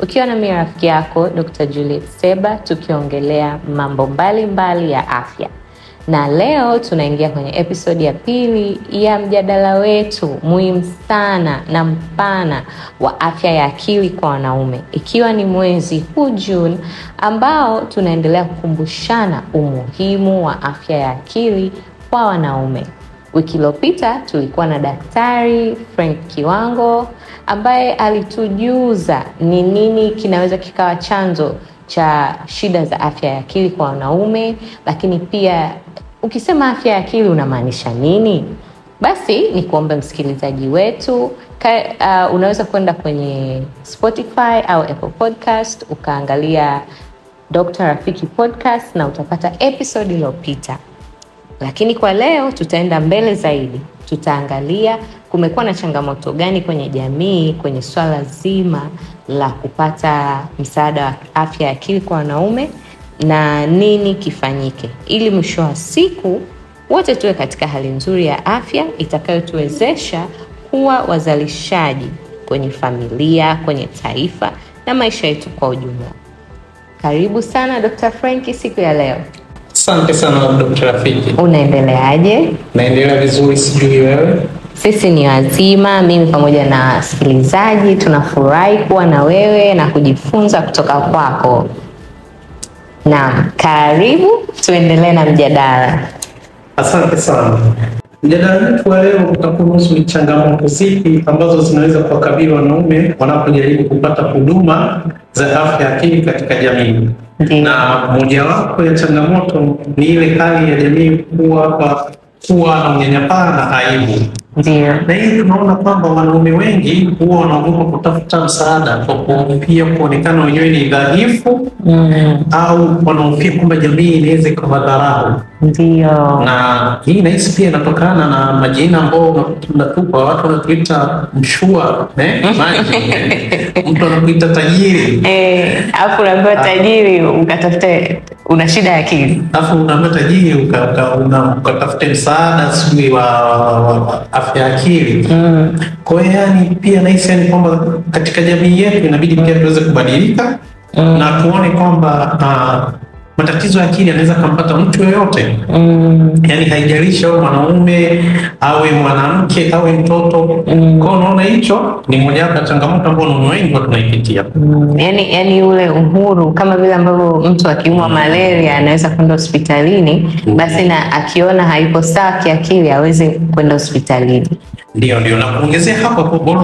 ukiwa nami rafiki yako Dr. Juliet Seba, tukiongelea mambo mbalimbali mbali ya afya, na leo tunaingia kwenye episodi ya pili ya mjadala wetu muhimu sana na mpana wa afya ya akili kwa wanaume, ikiwa ni mwezi huu Juni ambao tunaendelea kukumbushana umuhimu wa afya ya akili kwa wanaume. Wiki iliyopita tulikuwa na Daktari Frank Kiwango ambaye alitujuza ni nini kinaweza kikawa chanzo cha shida za afya ya akili kwa wanaume, lakini pia ukisema afya ya akili unamaanisha nini? Basi ni kuombe msikilizaji wetu ka, uh, unaweza kwenda kwenye Spotify au Apple Podcast ukaangalia Dr. Rafiki Podcast na utapata episode iliyopita, lakini kwa leo tutaenda mbele zaidi tutaangalia kumekuwa na changamoto gani kwenye jamii kwenye swala zima la kupata msaada wa afya ya akili kwa wanaume na nini kifanyike ili mwisho wa siku wote tuwe katika hali nzuri ya afya itakayotuwezesha kuwa wazalishaji kwenye familia kwenye taifa na maisha yetu kwa ujumla karibu sana dr franki siku ya leo Asante sana Dr. Rafiki. Unaendeleaje? Naendelea vizuri, sijui wewe? Sisi ni wazima, mimi pamoja na wasikilizaji tunafurahi kuwa na wewe na kujifunza kutoka kwako. Naam, karibu tuendelee na mjadala. Asante sana. Mjadala wetu wa leo utakuhusu ni changamoto zipi ambazo zinaweza kuwakabili wanaume wanapojaribu kupata huduma za afya akili katika jamii na mojawapo ya changamoto ni ile hali ya jamii kuwa kwa kuwa na unyanyapaa na aibu Ndiyo. Na hii tunaona kwamba wanaume wengi huwa wanaogopa kutafuta msaada kwa kuhofia kuonekana wenyewe ni dhaifu mm. au wanaofia kwamba jamii inaweza ikawadharau. Ndiyo. Na hii nahisi pia inatokana na majina ambao mnatupa, watu wanakuita mshua eh, mtu anakuita tajiri eh, afu unaambiwa tajiri ukatafuta una shida ya akili, alafu unapata jii ukatafute msaada sijui wa afya ya akili. Mm. Kwa hiyo yani pia nahisi yani kwamba katika jamii yetu inabidi pia tuweze kubadilika mm. na tuone kwamba ah, Matatizo ya akili yanaweza kumpata mtu yoyote mm. Yani haijalishi awe mwanaume awe mwanamke awe mtoto mm. Kwa unaona hicho ni moja ya changamoto ambayo ni wengi tunaipitia mm. Yani, yani ule uhuru kama vile ambavyo mtu akiumwa mm. malaria anaweza kwenda hospitalini mm. Basi na akiona haipo sawa kiakili aweze kwenda hospitalini. Ndio, ndio, na kuongezea hapo hapo, bora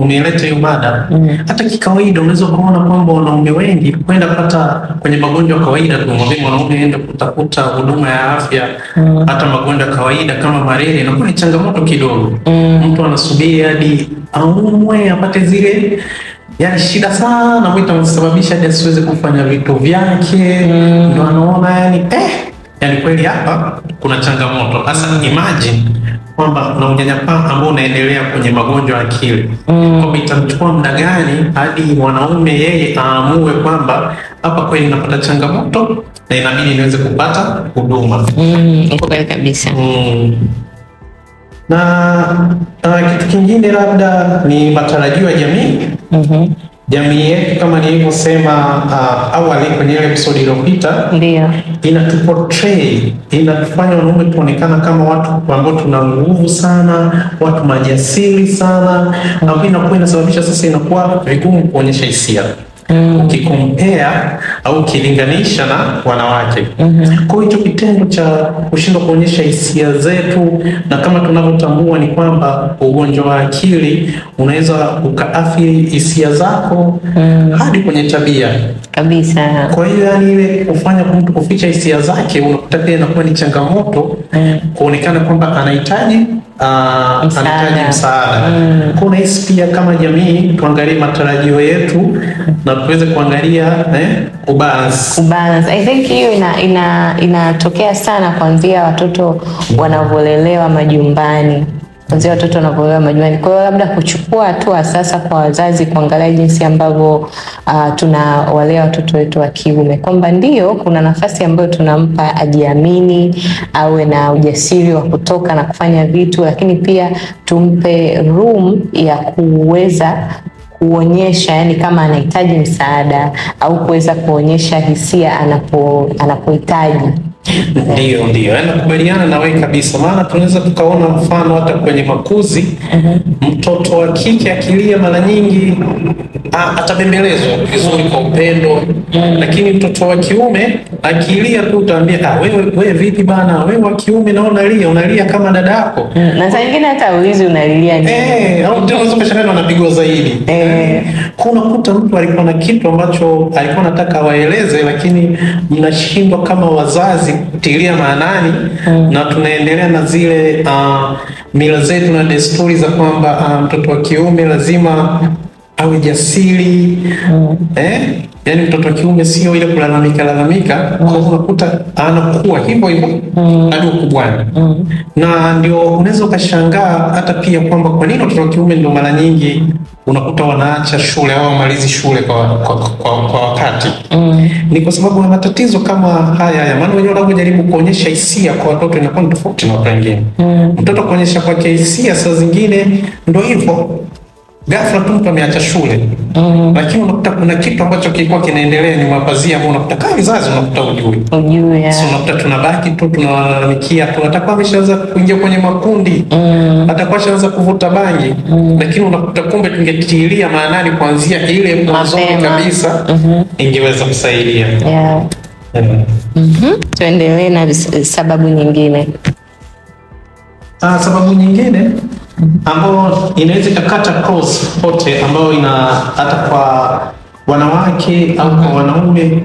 umeeleta um, hiyo mada. mm. Hata kikawaida unaweza kuona kwamba wanaume wengi kwenda pata kwenye magonjwa ya kawaida, tumwambie mwanaume aende kutafuta huduma ya afya mm. hata magonjwa ya kawaida kama malaria inakuwa ni changamoto kidogo mm. mtu anasubiri hadi aumwe apate zile yani shida sana mwita msababisha hadi asiweze kufanya vitu vyake mm. ndio anaona yani, eh, yani kweli hapa kuna changamoto. hasa, imagine kwamba kuna unyanyapaa ambao unaendelea kwenye magonjwa ya akili mm. itamchukua muda gani hadi mwanaume yeye aamue kwamba hapa kweli napata changamoto na inabidi niweze kupata huduma mm, kweli kabisa mm. na uh, kitu kingine labda ni matarajio ya jamii mm-hmm jamii yetu kama nilivyosema uh, awali kwenye ile episode iliyopita, ndio inatuportray inatufanya wanaume kuonekana kama watu ambao tuna nguvu sana, watu majasiri sana, ambao inakuwa inasababisha sasa inakuwa vigumu kuonyesha hisia mm. Mm-hmm. ukikompea au ukilinganisha na wanawake mm -hmm. Kwa hicho kitendo cha kushindwa kuonyesha hisia zetu, na kama tunavyotambua ni kwamba ugonjwa wa akili unaweza ukaathiri hisia zako mm. hadi kwenye tabia kabisa. Kwa hiyo yani, ile kufanya mtu kuficha hisia zake unakuta pia inakuwa ni changamoto mm. kuonekana kwamba anahitaji uh, ah, anahitaji msaada mm. Kwa nahisi pia kama jamii tuangalie matarajio yetu na tuweze kuangalia eh, kubalance. Kubalance. I think hiyo inatokea ina, sana kuanzia watoto wanavyolelewa majumbani kuanzia watoto wanapolewa majumbani. Kwa hiyo labda kuchukua hatua sasa kwa wazazi kuangalia jinsi ambavyo uh, tunawalea watoto wetu wa kiume, kwamba ndio kuna nafasi ambayo tunampa ajiamini, awe na ujasiri wa kutoka na kufanya vitu, lakini pia tumpe room ya kuweza kuonyesha yani, kama anahitaji msaada au kuweza kuonyesha hisia anapo anapohitaji Ndiyo, ndiyo, yaani nakubaliana na wewe kabisa, maana tunaweza tukaona mfano hata kwenye makuzi mhm. mtoto wa kike akilia mara nyingi atabembelezwa vizuri kwa upendo, mhm. lakini mtoto wa kiume akilia tu utaambia ah, wewe wewe vipi bana, wewe wa kiume na unalia unalia kama dada yako, mhm. na saa nyingine hata uizi unalilia nini eh, au ndio unaweza zaidi eh. Kuna kuta mtu alikuwa na kitu ambacho alikuwa anataka waeleze, lakini mnashindwa kama wazazi kutilia maanani mm. na tunaendelea na zile uh, mila zetu na desturi za kwamba uh, mtoto um, wa kiume lazima awe jasiri mm. eh? Yani mtoto wa kiume sio ile kulalamika lalamika mm. Kwa unakuta anakuwa hivyo hivyo mm. hadi ukubwani mm. na ndio unaweza ukashangaa hata pia kwamba kwa nini watoto wa kiume ndio mara nyingi unakuta wanaacha shule au wamalizi shule kwa, kwa, kwa, kwa wakati mm. Ni kwa sababu na matatizo kama haya haya, maana wenyewe wanavyojaribu kuonyesha hisia kwa watoto inakuwa ni tofauti na watu wengine mm. Mtoto kuonyesha kwake hisia saa zingine ndio hivyo ghafla tu mtu ameacha shule mm. Lakini unakuta kuna kitu ambacho kilikuwa kinaendelea ni mapazia ambao unakuta kama vizazi unakuta ujui ujui yeah. So unakuta tunabaki tu tunalalamikia tu, atakuwa ameshaanza kuingia kwenye makundi mm. Atakuwa ameshaanza kuvuta bangi mm. Lakini unakuta kumbe tungetilia maanani kuanzia ile mwanzoni kabisa mm -hmm. Ingeweza kusaidia yeah. Yeah. Mm -hmm. Tuendelee na sababu nyingine. Ah, sababu nyingine ambayo inaweza ikakata cross pote, ambayo ina hata kwa wanawake au kwa wanaume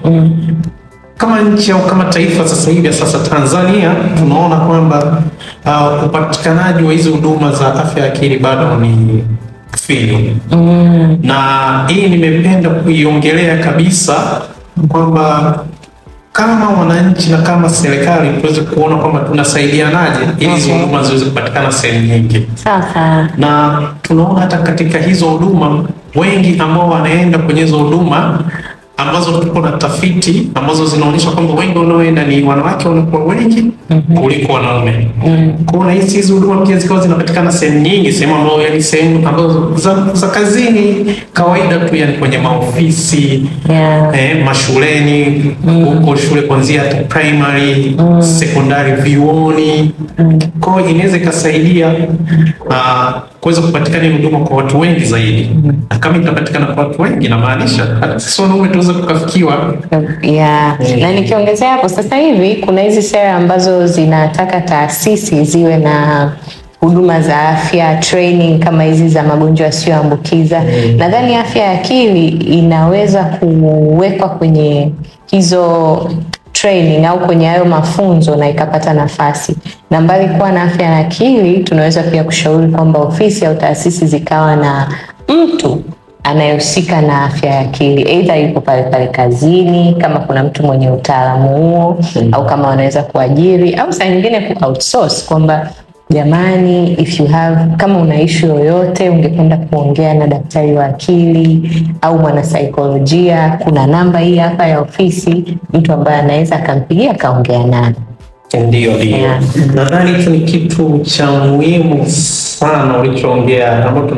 kama nchi au kama taifa. Sasa hivi sasa Tanzania tunaona kwamba uh, upatikanaji wa hizi huduma za afya ya akili bado ni finyu mm. na hii nimependa kuiongelea kabisa kwamba kama wananchi na kama serikali tuweze kuona kwamba tunasaidianaje ili hizi okay, mhm. huduma ziweze kupatikana sehemu nyingi Sasa Na tunaona hata katika hizo huduma wengi ambao wanaenda kwenye hizo huduma ambazo tuko na tafiti ambazo zinaonyesha kwamba wengi wanaoenda ni wanawake wanakuwa wengi mhm. kuliko wanaume. Mhm. Kwa hiyo hizi hizi huduma pia zikawa zinapatikana sehemu nyingi, sehemu ambazo yani sehemu ambazo za, za kazini kawaida tu, yani kwenye maofisi yeah. Eh, mashuleni mhm. huko mm. shule kuanzia primary mm. sekondari, vioni mm. kwa hiyo inaweza ikasaidia uh, kuweza kupatikana huduma kwa watu wengi zaidi, mm. na kama itapatikana kwa watu wengi, namaanisha hata sisi wanaume tuweze kukafikiwa. Yeah. Mm. Na nikiongezea hapo, sasa hivi kuna hizi sera ambazo zinataka taasisi ziwe na huduma za afya training kama hizi za magonjwa yasiyoambukiza. Mm. Nadhani afya ya akili inaweza kuwekwa kwenye hizo training au kwenye hayo mafunzo na ikapata nafasi. Na mbali kuwa na afya ya akili, tunaweza pia kushauri kwamba ofisi au taasisi zikawa na mtu anayehusika na afya ya akili, aidha yuko pale pale kazini, kama kuna mtu mwenye utaalamu huo, hmm. au kama wanaweza kuajiri au saa nyingine ku outsource kwamba Jamani, if you have kama una ishu yoyote ungependa kuongea na daktari wa akili au mwanasaikolojia, kuna namba hii hapa ya ofisi, mtu ambaye anaweza akampigia akaongea naye ndio ndiyo, nadhani hicho ni kitu cha muhimu sana ulichoongea, ambao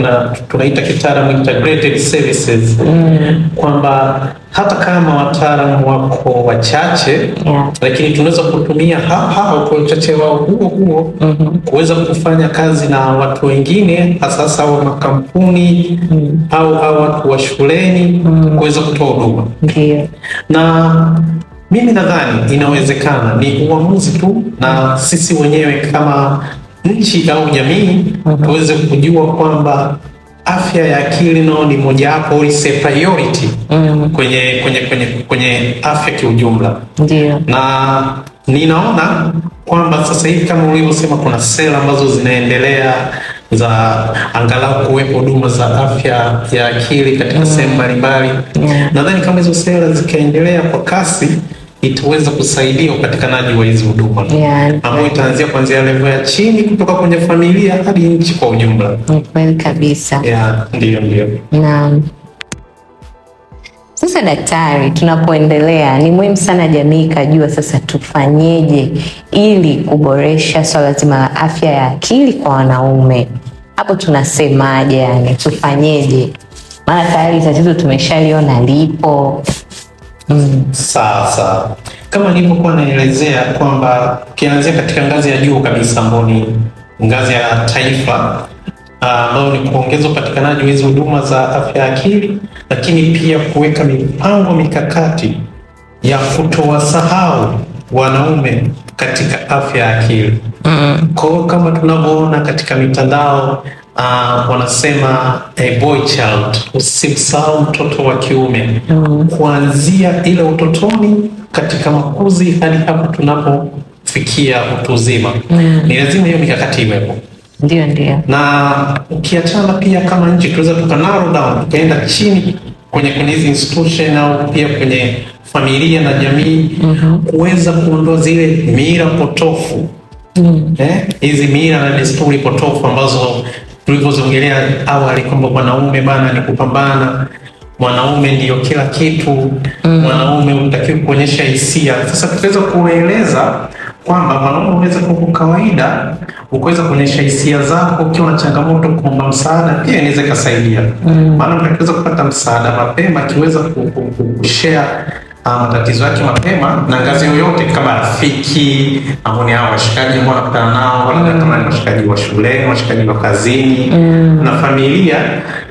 tunaita kitaalamu integrated services mm. kwamba hata kama wataalamu wako wachache yeah, lakini tunaweza kutumia hapa kwa uchache wao huo huo mm-hmm. kuweza kufanya kazi na watu wengine, hasa wa makampuni mm, au au watu wa shuleni mm, kuweza kutoa huduma na mimi nadhani inawezekana, ni uamuzi tu na sisi wenyewe kama nchi au jamii mhm. tuweze kujua kwamba afya ya akili nao ni mojawapo priority mhm. kwenye, kwenye, kwenye, kwenye afya kiujumla. Ndiyo. na ninaona kwamba sasa hivi kama ulivyosema kuna sera ambazo zinaendelea za angalau kuwepo huduma za afya ya akili katika mm. sehemu mbalimbali. Mm. Nadhani kama hizo sera zikaendelea kwa kasi itaweza kusaidia upatikanaji wa hizi huduma yeah, ambayo itaanzia kuanzia level ya chini kutoka kwenye familia hadi nchi kwa ujumla. Ni kweli kabisa. Yeah, ndio ndio. Naam. Sasa daktari, tunapoendelea ni muhimu sana jamii ikajua sasa tufanyeje ili kuboresha swala zima la afya ya akili kwa wanaume. Hapo tunasemaje? Yani tufanyeje? Maana tayari tatizo tumeshaliona lipo. Mm. Sawa sawa, kama nilivyokuwa naelezea kwamba ukianzia katika ngazi ya juu kabisa ambao ni ngazi ya taifa Ah, ambao ni kuongeza upatikanaji wa hizi huduma za afya ya akili, lakini pia kuweka mipango mikakati ya kutowasahau wanaume katika afya ya akili. Mm. Kwa hiyo kama tunavyoona katika mitandao uh, wanasema eh, boy child, usimsahau mtoto wa kiume mm. kuanzia ile utotoni katika makuzi hadi hapo tunapofikia utu uzima mm. Ni lazima hiyo mikakati iwepo. Ndio, ndio. Na ukiachana pia kama nchi tuweza tukanaro down tukaenda chini kwenye kwenye hizi institution au pia kwenye familia na jamii mm -hmm. kuweza kuondoa zile mira potofu mm. eh, hizi mila na desturi potofu ambazo tulivyoziongelea awali kwamba mwanaume bana ni kupambana, mwanaume ndiyo kila kitu mm. mwanaume unatakiwa kuonyesha hisia. Sasa tukiweza kueleza kwamba mwanaume unaweza kuwa kwa kawaida ukaweza kuonyesha hisia zako ukiwa na changamoto, kuomba msaada pia inaweza ikasaidia. Mm. Maana mm. akiweza kupata msaada mapema, akiweza kushare Ah, matatizo yake mapema na ngazi yoyote, kama rafiki ambao ni hao washikaji ambao anakutana nao, labda kama ni washikaji wa shuleni, washikaji wa kazini mm. na familia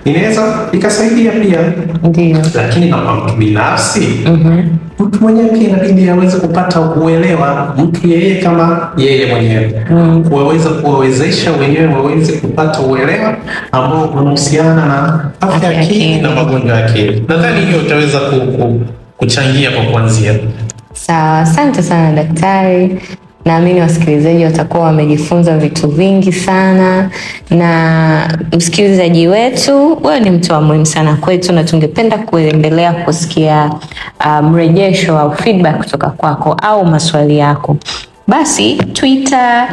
inaweza ikasaidia pia ndio, Lakini na kwa mtu binafsi mm -hmm. mtu mwenyewe pia inabidi aweze kupata uelewa, mtu yeye kama yeye mwenyewe mm. kuweza kuwawezesha wenyewe waweze kupata uelewa ambao unahusiana na afya akili na magonjwa ya akili. Nadhani hiyo utaweza ku kuchangia kwa kuanzia. Sawa, asante sana daktari. Naamini wasikilizaji watakuwa wamejifunza vitu vingi sana, na msikilizaji wetu, wewe ni mtu wa muhimu sana kwetu, na tungependa kuendelea kusikia ah, mrejesho um, au feedback kutoka kwako au maswali yako. Basi Twitter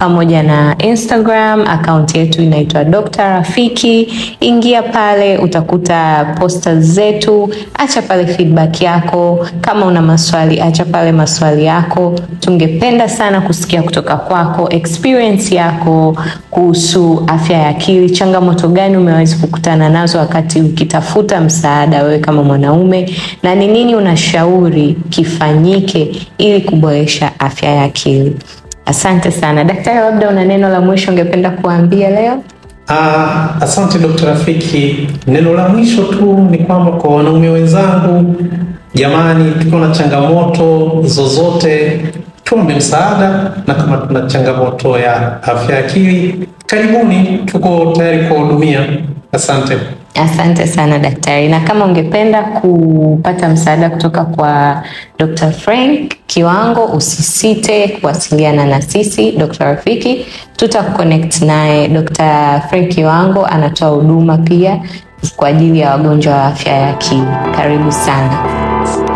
pamoja na Instagram, akaunti yetu inaitwa Dr. Rafiki. Ingia pale utakuta posta zetu, acha pale feedback yako. Kama una maswali, acha pale maswali yako. Tungependa sana kusikia kutoka kwako experience yako kuhusu afya ya akili, changamoto gani umewezi kukutana nazo wakati ukitafuta msaada wewe kama mwanaume, na ni nini unashauri kifanyike ili kuboresha afya ya akili. Asante sana daktari, labda una neno la mwisho ungependa kuambia leo? Uh, asante Dkt. Rafiki, neno la mwisho tu ni kwamba kwa wanaume wenzangu, jamani, tuko na changamoto zozote tuombe msaada, na kama tuna changamoto ya afya akili, karibuni, tuko tayari kuwahudumia. Asante. Asante sana daktari, na kama ungependa kupata msaada kutoka kwa Dr. Frank Kiwango, usisite kuwasiliana na sisi. Dr. Rafiki tutakuconnect naye. Dr. Frank Kiwango anatoa huduma pia kwa ajili ya wagonjwa wa afya ya akili. Karibu sana.